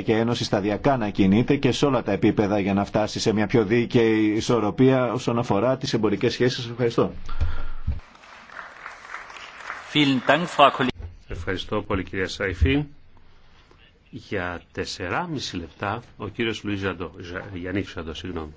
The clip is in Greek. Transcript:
Ευρωπαϊκή Ένωση σταδιακά να κινείται και σε όλα τα επίπεδα για να φτάσει σε μια πιο δίκαιη ισορροπία όσον αφορά τις εμπορικές σχέσεις. Ευχαριστώ. Ευχαριστώ πολύ κυρία Σαϊφή. Για 4,5 λεπτά ο κύριος Λουίζαντο, Γιάννη Ζαντο, συγγνώμη.